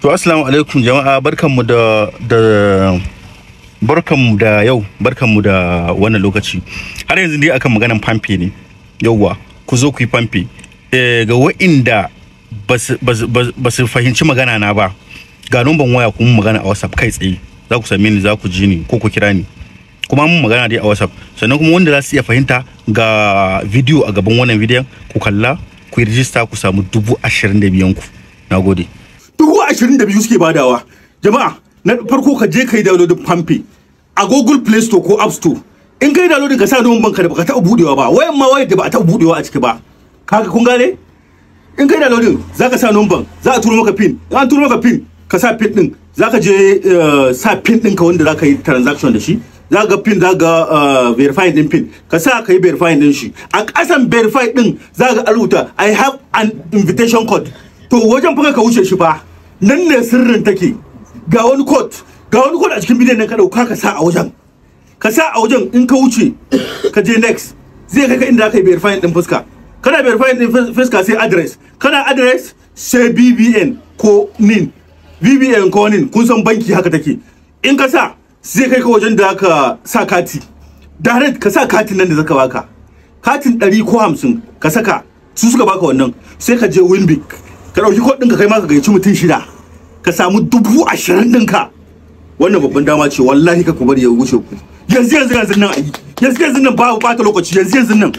To assalamu alaikum jama'a barkanmu da da barkanmu da yau barkanmu da wannan lokaci har yanzu dai akan maganan famfe ne yauwa ku zo ku yi famfe eh, ga wa'inda ba su fahimci magana na ba ga numban waya kuma magana a whatsapp kai tsaye za ku same ni za ku ji ni ko ku kira ni kuma mun magana dai a whatsapp sannan kuma wanda za su iya fahimta ga bidiyo a gaban wannan bidiyon ku kalla ku yi ku samu dubu ashirin da biyan ku na gode dubu ashirin da biyu suke badawa jama'a na farko ka je kai yi downloadin pampi a google play store ko app store in kai downloadin ka sa nomin banka da baka taɓa budewa ba wayan ma wayan da ba a taɓa budewa a ciki ba kaga kun gane in kai downloadin za ka sa nomin za a turo maka pin in an turo maka pin ka sa pin din za ka je eh, sa pin ka wanda za ka yi transaction da shi za ga pin za ga eh, verifying din pin ka sa ka yi verifying din shi a ƙasan verify din za ga aluta i have an invitation code to wajen fa ka wuce shi fa nan ne sirrin take ga wani court ga wani court a cikin bidiyon nan ka dauka ka sa a wajen ka sa a wajen in ka wuce ka je next zai kai ka inda aka yi verifying din fuska kana verify din fuska sai address kana address sai BBN ko NIN BBN ko NIN kun san banki haka take in ka sa zai kai ka wajen da aka sa kati direct ka sa katin nan da zaka baka katin 150 ka saka su suka baka wannan sai ka je winbig. ka ɗauki kod ka kai ma ka gayyaci mutum shida ka samu dubu ashirin ɗinka wannan babban dama ce wallahi ka ku bari ya wuce ku yanzu yanzu yanzu nan ayi yanzu yanzu nan ba ta lokaci yanzu yanzu nan